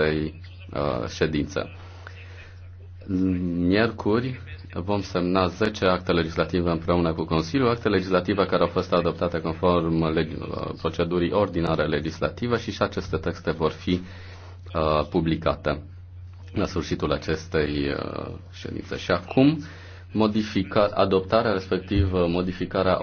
acestei uh, ședințe. Miercuri vom semna 10 acte legislative împreună cu Consiliul, acte legislative care au fost adoptate conform uh, procedurii ordinare legislative și și aceste texte vor fi uh, publicate la sfârșitul acestei uh, ședințe. Și acum modifica, adoptarea respectiv modificarea